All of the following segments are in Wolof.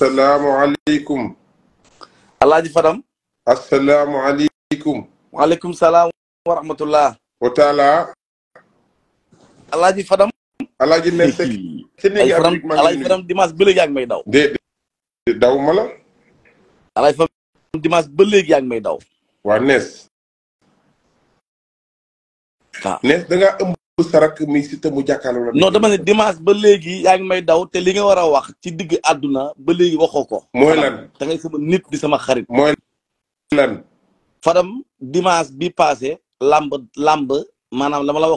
asalaamualeykum. Alaaji Fadam. asalaamualeykum. waaleykum salaam wa rahmatullah. wa taala. Fadam. Alaaji nekk ci néegi Afrique Fadam dimanche ba léegi yaa may daw. déedéet daw ma la. Fadam dimanche ba léegi yaa may daw. waa Nees. waaw ah. Nees da ngaa sarak mi Siteu mu jàkkaarloo la. non dama ne dimanche ba léegi yaa ngi may daw te li nga war wax ci digg ba lan da ngay sama nit di sama xarit. mooy lan. Fadam dimanche bi passé lamb lamb maanaam dama la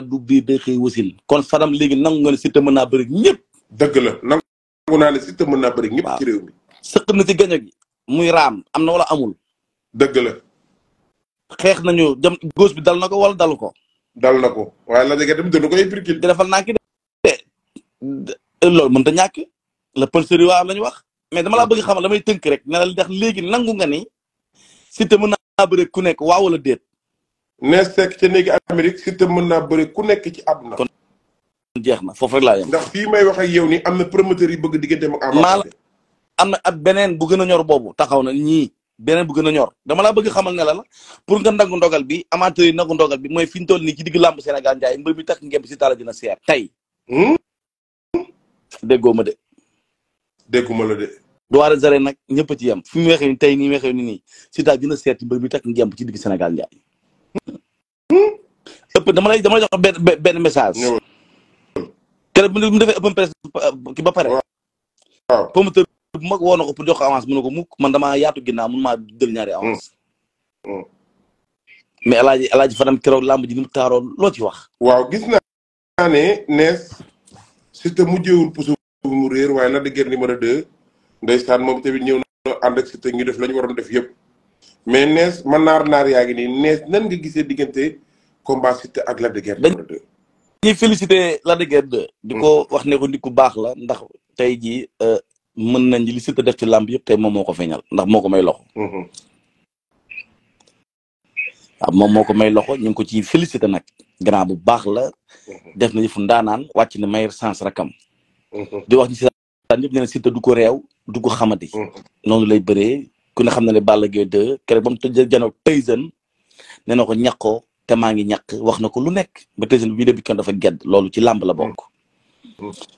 dubi keroog ñu du kon Fadam léegi nang nga ne Siteu mën naa bëri ñëpp. dëgg la nangu naa ne Siteu mën ci mi. na ci gi muy am wala amul. dëgg la. xeex nañu gos gauche bi dal na wala dalu ko. dal na ko waaye Lac de Guiers tamit dund ko ay prix. defal naa ki de loolu mënut a ñàkk le pëlseur yi waaw la ñu wax. mais dama laa bëgg xamal damay tënk rek ne la ndax léegi nangu nga ni Siteu mën naa bëri ku nekk waaw wala déet. nee sekk ca néegi Amérique Siteu mën naa bëri ku nekk ci àdduna. kon jeex na foofu rek laa ndax fii may wax ak yow nii am na promoteur yi bëgg dem ak. am na ab beneen bu gën a ñor boobu taxaw na ñii. benen bu gën ñor dama la bëgg xamal ne la pour nga nangu ndogal bi amateur yi nangu ndogal bi moy fiñ ñu toll nii ci digg lamb Sénégal Ndiaye mbir mi takk ngemb ci tala dina seer tay hmm? déggoo ma de. dégguma la de. doire zare nak ñëpp ci yam fu mu ni tay ni mu ni ni ci Siteu dina ci mbër bi takk ngemb ci digg Sénégal Ndiaye. Hmm? ëpp dama lay dama lay jox ben message. keroog bu ñu defé ëpp press ki ba paré waaw promoteur mag woo ko pour jox avance mu ne ko mukk man dama yaatu ginnaaw mun ma jël ñaari mm. avance. Mm. mais El Hadj fanam kéro lamb ji nim mu lo ci wax. waaw gis naa ne ci te mujjewul puso bu mu reer way Lac de Guiers numéro 2 ndeysaan mom tebi ñew na and ak ci te ñu def lañu waron def yépp mais nes man naar naar yaa ni nes nan nga gisee digënté combat ci te ak la de Guiers numéro 2. ñi féliciter la de Guiers 2. diko mm. wax ne ko nit ku baax la ndax tay ji euh mën nañ li Siteu def ci làmb yëpp tey moom moo ko feeñal ndax moo ko may loxo. Mm-hmm. moom moo ko may loxo ñu ngi ko ciy félicité nag grand bu baax la. Mm-hmm. def na yëfu ndaanaan wàcc na maire sans rakam. Mm-hmm. di wax ñu si daan ñëpp ne ne du ko reew du ko xamadi. noonu lay bëree ku ne xam na ne Balla Gaye 2 keroog ba mu tëjee janoog Tyson nee na ko ñàkkoo te maa ngi ñàkk wax na ko lu nekk ba Tyson bi ñu def bi kenn dafa gedd loolu ci làmb la bokk.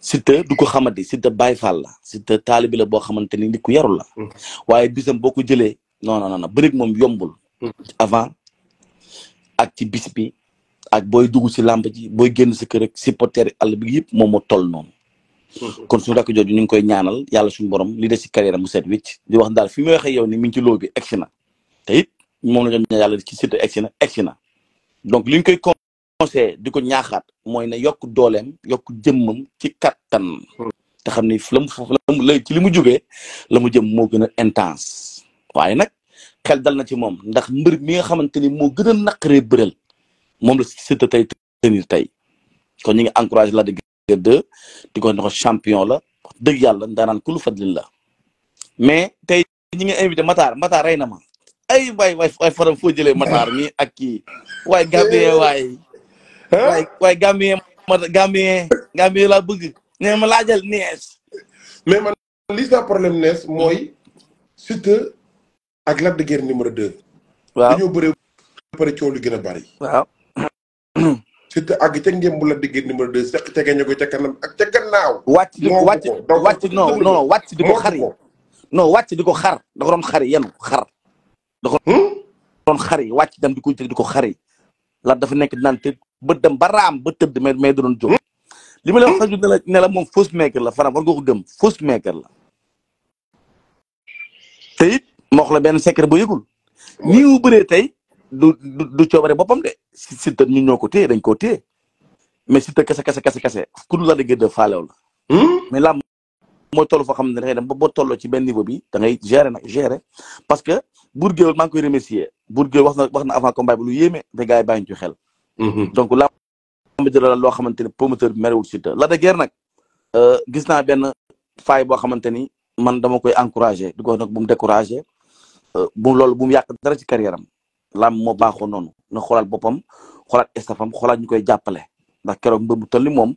Siteu du ko xamante Siteu Baye Fall la Siteu taalibi la boo xamante ni nit ku yaru la. Mm. waaye bisam boo ko jëlee non non non bëri moom yombul. Mm. avant ak ci bis ak booy dugg si làmb ji booy génn si kër ak supporter àll bi yëpp moom moo toll noonu. Mm-hmm. kon suñu rakk jooju ñu ngi koy ñaanal yàlla suñu borom li de si carrière mu set wicc di wax daal fi may waxee yow ni mi ngi ci loo bi na te it moom la ñu yàlla ci Siteu egsi na egsi na donc liñ koy conseil di ko ñaaxaat mooy ne yokk dooleem yokk jëmmam ci kattan te xam ni lam la ci li mu jógee la mu jëm moo gën a intense waaye nag xel dal na ci moom ndax mbër mi nga xamante ni moo gën a naqaree bëreel moom la Siteu tey tenir tey kon ñu ngi encouragé la de guerre deux di ko ne ko champion la wax dëgg yàlla ndaanaan ku lu fadlin la mais tey ñi ngi invité Matar Matar rey na ma ay waay waay waay faram foo jëlee mi ak kii waay Gabriel waay waaye waaye Gambien ma Gambien la laa bëgg nee ma laajal nees. mais man lii sa nees mooy Siteu ak Lac de Guiers numéro 2. waaw dañoo bëree pare coow lu bari. waaw. Siteu àgg ca ngeen bu Lac de Guiers numéro 2 seq ca gañe ko ak ca gannaaw. wàcc di ko wàcc non non wàcc di ko xari non wàcc di ko xar da ko doon xari yenu xar. da hmm? xari wàcc dem di ko teg di xari. la dafa nekk naan te bët dem ba raam ba tëdd mais mais doon jóg. li ma la wax ne la ne la moom fausse maigre la Fara war nga ko gëm fausse maigre la. te it ma wax la benn secret bu yëgul. nii mu tey du du du coobare boppam de si si te ñun ñoo ko téye dañ koo téye mais si te kese kese kese kese ku dul la dëgg de faalew la. Hmm? mais làmb mooy toll xam ne dangay dem ba boo tolloo ci benn niveau bi da ngay gérer nag gérer parce que Bourgueul maa ngi koy remercier Bourgueul wax na wax na avant combat bi lu yéeme te gars yi bàyyi ci xel. Mhm. donc làmb ji la loo xamante ni promoteur bi merewul Siteu la de guerre nag euh, gis naa benn faay boo xamante ni man dama koy encouragé di ko nag bu mu découragé euh, bu loolu bu mu yàq dara ci carrière am làmb moo baaxoo noonu na xoolaat boppam xoolaat estafam xoolaat ñu koy jàppale ndax keroog mbir mu toll ni moom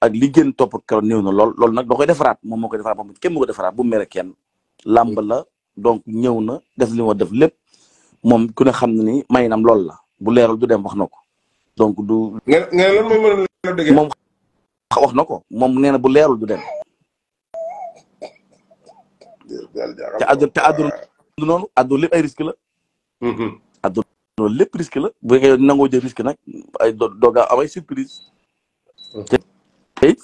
ak li gën topp keroog néew na lool loolu nag da koy defaraat moom moo koy defaraat moom kenn mu ko defaraat bu mu mere kenn làmb la donc ñëw na def li mu def lépp moom ku ne xam ni may nam loolu la bu leeral du dem wax na ko donc du. nee na lan moo mën a déggee. moom wax nako mom neena bu leerul du dem. ta àdduna ta àdduna non àdduna lepp ay risque la. àdduna mm-hmm. noonu lepp risque la bu fekkee nango jël risque nak ay doga am ay surprise. te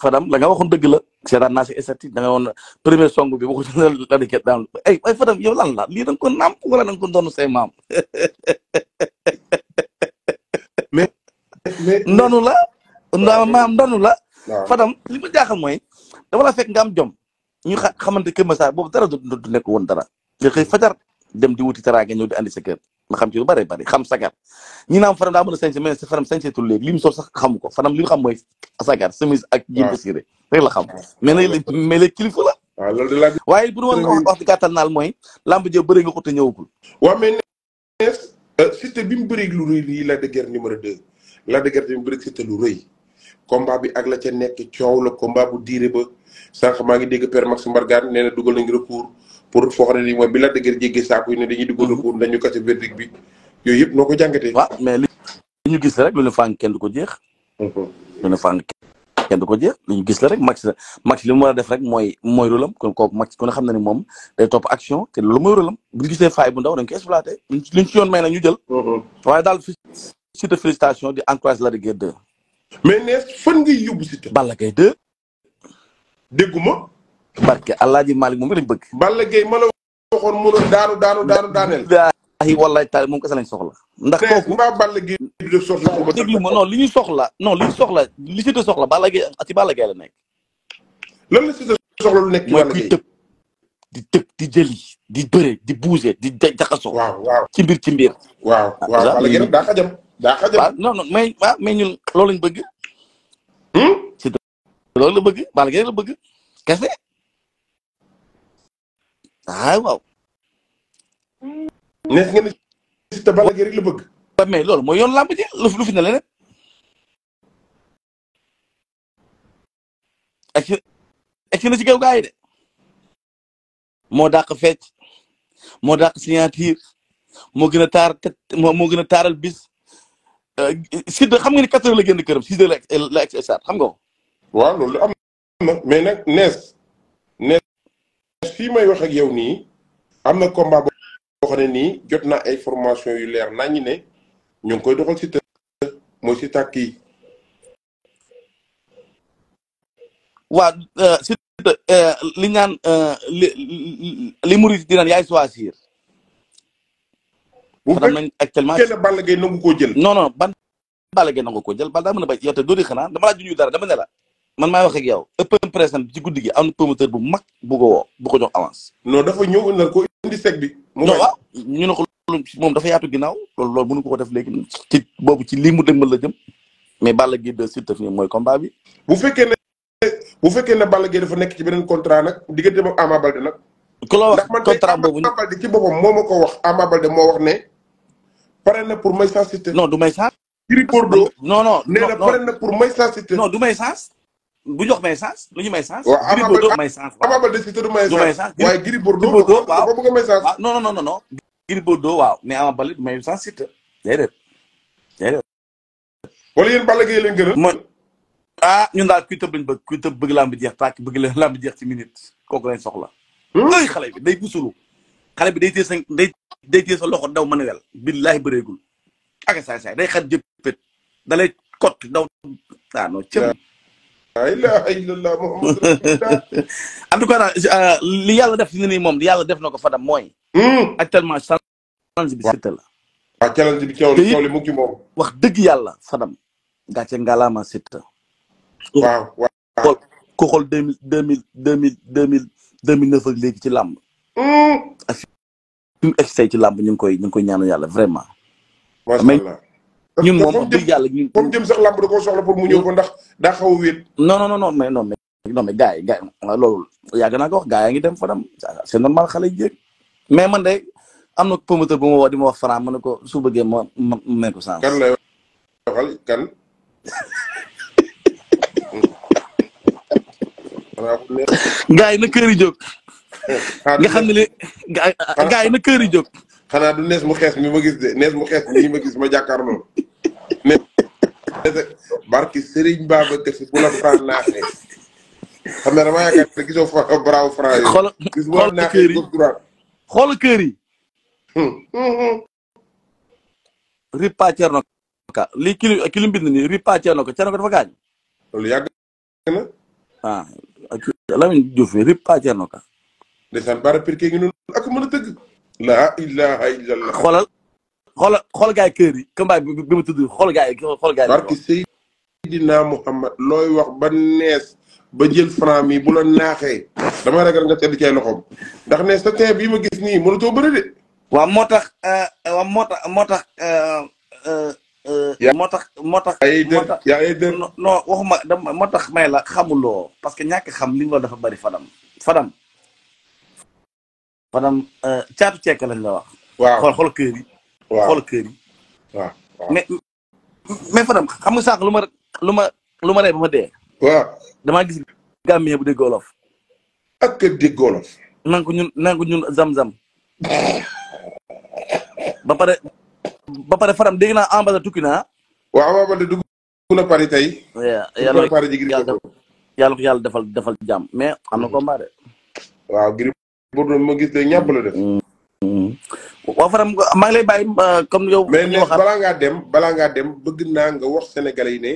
Fadam la nga waxoon dëgg la seetaan naa si estati da nga woon premier song bi waxuñu la la di daan ay ay Fadam yow lan la lii da nga ko nàmp wala da nga ko doon say maam. ndonu la nda maam ndonu la fadam li ma jaaxal mooy dafa la fekk am jom ñu xa xamante Kër Masar boobu dara du nekk woon dara nga xëy fajar dem di wuti teraanga ñëw di andi sa kër xam ci lu bare bari xam sagar ñi naam faram daa mën a sañse mais sa faram sañseetul léegi li mu sol sax xamu ko faram li mu xam mooy sagar semise ak jin assuré rek la xam mais nag mais léegi kilifa la waaw loolu de la. waaye bu doon wax wax di gàttal mooy lamb jë bëri nga ko te ñëwagul. waaw mais euh, Siteu bi mu bëri lu rëy lii la de guerre numéro deux. Lac de Guiers tamit bëri Siteu lu rëy bi ak la ca nekk coow la combat bu diire ba sànq maa ngi dégg père Maxime Bargane nee na dugal nañ recours pour foo xam ne nii mooy bi Lac de Guiers jéggee saako yi bi yooyu yëpp noo ko jàngatee. waaw mais li ñu gis rek lu ne fànn kenn ko jeex. Mhm. lu ne fànn kenn ko jeex lu ñu gis la rek Max Max li mu a def rek mooy mooy rôle ko kon kooku Max ku ne xam na ni moom day topp action te loolu mooy rôle am bu ñu faay bu ndaw dañ ko exploité. liñ Siteu félicitation di encourage la de Guiers 2. mais nees fan ngay yóbbu Siteu. Balla Gaye 2. dégguma. barke Alaaji Malick moom lañ bëgg. Balla Gaye ma la waxoon mënoon daanu daanu daanu daaneel. billaahi wallaahi taala moom kese lañ soxla. ndax kooku mbaa Balla Gaye di def soxla ko ba. li ñu soxla non li ñu soxla li Siteu soxla Balla Gaye ci Balla Gaye la nekk. lan la soxla lu nekk mooy kuy tëb di tëb di jëli di bëre di bouger di jaxasoo. ci mbir ci mbir. waaw waaw ah, Balla Gaye daa xajam. no non non ñun loolu lañ bëgg. Hmm? Siteu loolu la bëgg Balla Gaye la bëgg kese ah waaw. nees ngeen di la bëgg. waaw mais loolu mooy yoon làmb ji lu fi ne leneen. ak ci ak na ci gaw gaa yi de. moo dàq fecc moo dàq signature moo gën a taar moo gën a taaral bis. Euh, Siteu xam nga ni quatre heures la génn këram six heures la ex xam nga ko. waaw loolu am na mais nag nees nees fii may wax ak yow nii am na combat boo xam ne nii jot na ay formation yu leer nañu ne ñu ngi koy doxal Siteu mooy si tàkk yi. waaw euh, Siteu li ñu naan euh, li li murid di yaay choisir maanaam nañ actuellement kenn Balla Gaye nangu koo jël non non ban Balla nangu koo jël bal daa mën a bay yow te doo di xanaa dama laa juñu dara dama man maay wax ak yow ëpp presen ci guddi am na promoteur bu mag bu ko woo bu ko jox avance non dafa ñëw indal ko i sec bi non waaw ñu ne ko moom dafa yaatu ginnaaw loolu loolu mënu ko ko def léegi boobu ci lii mu ma la jëm mais Balla Gaye de surtout nii mooy combat bi bu fekkee ne bu fekkee ne Balla Gaye dafa nekk ci beneen contrat nag diggante moom Ama Balde nag ku la wax contrat boobu ndax Balde ci boppam moo ma ko wax Ama Balde moo wax ne pare na pour may sans cité. non du may sans. Gris Bordeaux. non non nee na pare na pour may sans bu ñu may sans lu may sans. waaw Ama Baldé Ama Baldé cité du may sans. du may sans waaye Gris Bordeaux. Gris Bordeaux waaw waaw bëgg may sans. waaw non non non non. Gris Bordeaux waaw mais Ama Baldé du may sans cité. déedéet déedéet. wala yéen Balla Gaye leen gën a. mooy ah ñun daal kuy tëb lañ bëgg kuy jeex tàkk bëgg la làmb jeex ci minute kooku lañ soxla. looy hmm? xale bi day busulu xale bi day téye sa day déetee sa loxo daw manuel billahi beregul ak sa sa day xat jeppet dalay kot daw daano ah, cëm la ilaha illallah en tout cas euh, li yalla def ni moom yalla def na ko fadam mooy hmm. actuellement challenge bi Siteu la ak ah, challenge bi ciow li mu ci moom wax deug yalla fadam gàcce ngalaama Siteu waaw waaw ko xol 2000 2000 2000 2009 ak léegi ci lamb hmm. fi mu ñu koy ñu ngi koy ñaanu yàlla vraiment. macha allah ñun moom wax dëgg yàlla ñun. comme jëm sax làmb da koo soxla pour mu ñëw ko ndax daa xaw a wéet. non non non mais non mais. non mais gars yi gars yi loolu yàgg naa ko wax gars yaa xale yi jéeg man de am na promoteur bu ma woo di ma wax Franc ma ne ko su bëggee ma ma ma ko sens. kan lay waxal kan. gars yi na kër yi nga xam ne li gaa yi na kër yi jóg. du nees mu xees mi ma gis de nees mu xees mii ma gis ma jàkkaarloo. mais barki Serigne Babacar si ku la Franc naaxee xam na dama yaakaar ne gisoo fa bravo Franc yi. xoolal xoolal kër yi xoolal kër yi. Ripa Thierno Ka li ki li mu bind nii Ripa Thierno Ka Thierno Ka dafa gaañ. loolu yàgg na. ah Lamine Diouf Ripa Thierno Ka. ndeysaan baara pirke ngi noonu ak mën a tëgg laa ilaha illallah xoolal xoola xool gaay kër yi kambaay bi ma tudd xool gaay xool gaay barki Seydina Muhammad looy wax ba nees ba jël franc mi bu la naaxee dama ragal nga tedd ci ay loxoom ndax ne sa teeb yi ma gis nii mënatoo bëri de waaw moo tax euh, waaw moo tax moo tax euh, euh, moo tax moo tax yaa ay dër non waxuma dama moo tax may la xamuloo parce que ñàkk xam li nga dafa bari fadam fadam maanaam euh, caatu ceek lañ la wax. waaw xool xool kër yi. waaw xool kër yi. xam nga sànq lu ma ma lu ma rey ba ma dee. waaw damaa gis gàmmee bu dégg wolof. ak kër dégg wolof. nan ñun nan ñun zam-zam. ba pare ba pare Fadam dégg naa ambassade tukki naa. Ah. waaw waaw man de na Paris tey. yàlla yàlla yàlla defal defal jàmm mais am na mm. combat de. waaw Bordeaux ma gis léegi ñàpp la def. Mm-hmm. waaw faram maa lay bàyyi comme yow. mais ne balaa ngaa dem balaa ngaa dem bëgg naa nga wax sénégalais ne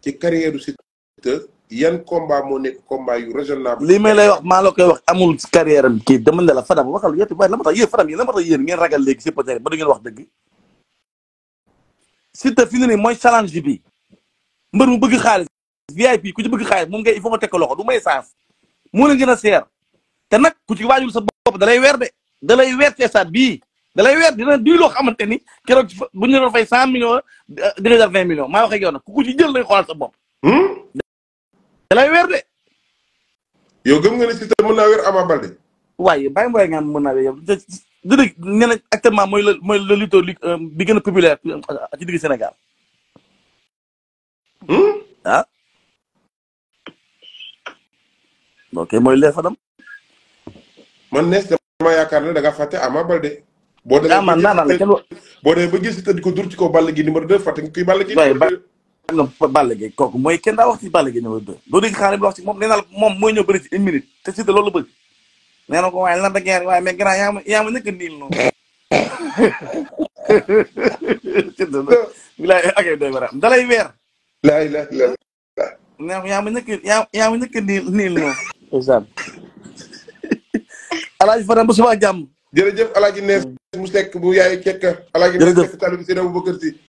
ci carrière du Siteu yan combat moo nekk combat yu raisonnable. li may lay wax maa la koy wax amul carrière am kii dama la Fadam waxal yéen waaye la tax yéen Fadam yéen la tax yéen ngeen ragal léegi si peut-être ba du ngeen wax dëgg. Siteu fi mu ne challenge bi mbër mu bëgg xaalis VIP ku ci bëgg xaalis moom ngay il faut ma teg loxo du may sens moo leen gën a te nag ku ci waajul sa bopp da lay weer de da lay weer ci stade bii da weer dina duy loo xamante ni keroog ci bu ñu doon fay cent millions euh, dina jar vingt millions maa wax ak yow ku ci jël lay xoolal sa bopp. Hmm? da lay weer de. yow gëm nga ne Siteu mën naa weer Ama Baldé. waaye bàyyi mbay nga mën naa weer yow dëgg nee na actuellement mooy le mooy le lutteur euh, bi gën a populaire ci euh, digg Sénégal. Hmm? ah. ok mooy lee fadam man nees dama yaakaar ne da nga fàtte Ama Baldé. boo demee ah, ba gis boo demee ba gis te di ko dur ci kaw Balla Gaye numéro ba Balla Gaye kooku mooy kenn daa wax ci Balla gi numéro 2. loolu yëpp wax moom nee naa moom mooy ñëw bëri ci minute te si de loolu bëgg nee na ko waaye lan la gerte waaye mais grand yaa ma yaa ma nekk niil noonu. si de loolu. dalay weer. laay laay laay. nee na ko yaa ma nekk yaa yaa ma alaaji Fadam bu subaa jàmm. jërëjëf alaaji nees mu sekk bu yaay kekk alaaji nees sekk taalibu a Abubakar Si